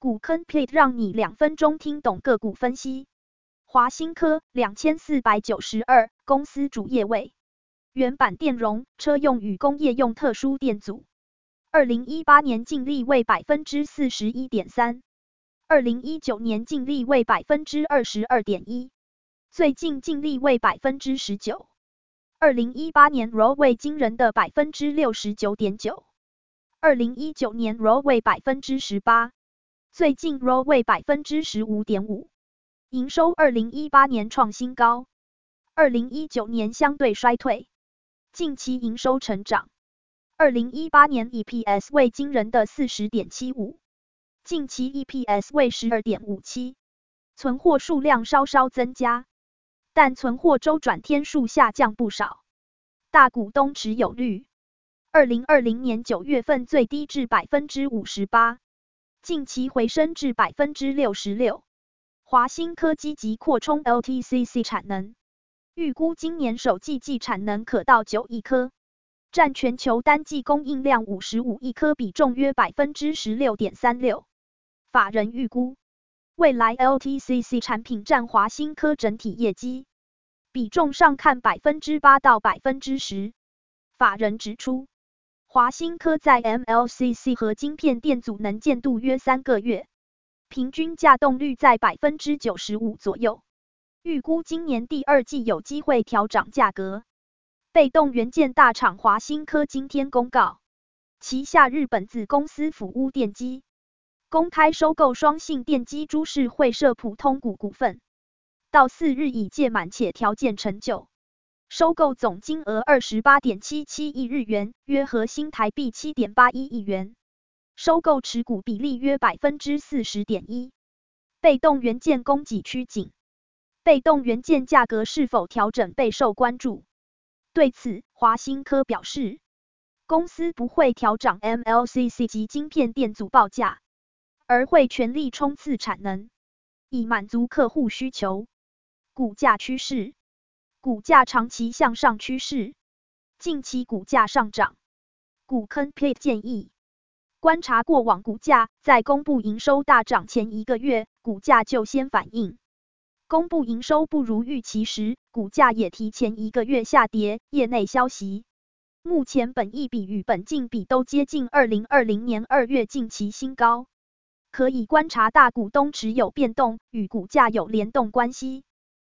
股坑 plate 讓你兩分鐘聽懂個股分析。華新科兩千四百九十二，92，公司主業為原版電容、車用與工業用特殊電阻。二零一八年淨利為百分之四十一點三，二零一九年淨利為百分之二十二點一，最近淨利為百分之十九。二零一八年 ROE 為驚人的百分之六十九點九，二零一九年 ROE 為百分之十八。最近 ROE 為百分之十五點五，營收二零一八年創新高，二零一九年相對衰退，近期營收成長。二零一八年 EPS 為驚人的四十點七五，近期 EPS 為十二點五七，存貨數量稍稍增加，但存貨週轉天數下降不少。大股東持有率，二零二零年九月份最低至百分之五十八。近期回升至百分之六十六。華新科積極擴充 LTCC 產能，預估今年首季季產能可到九億顆，占全球單季供應量五十五億顆比重約百分之十六點三六。法人預估，未來 LTCC 產品占華新科整體業績比重上看百分之八到百分之十。法人指出。華星科在 MLCC 和晶片電阻能見度約三個月，平均稼動率在百分之九十五左右，預估今年第二季有機會調漲價格。被動元件大廠華新科今天公告，旗下日本子公司福屋電機公開收購雙信電機株式會社普通股股份，到四日已屆滿且條件成就。收購總金額二十八點七七億日元，約合新台幣七點八一億元。收購持股比例約百分之四十點一。被動元件供給趨緊，被動元件價格是否調整備受關注。對此，華新科表示，公司不會調整 MLCC 及晶片電阻報價，而會全力衝刺產能，以滿足客戶需求。股價趨勢。股價長期向上趨勢，近期股價上漲。股坑 p l 建議觀察過往股價，在公布營收大漲前一個月，股價就先反應；公布營收不如預期時，股價也提前一個月下跌。業內消息，目前本益比與本淨比都接近2020年2月近期新高，可以觀察大股東持有變動與股價有聯動關係。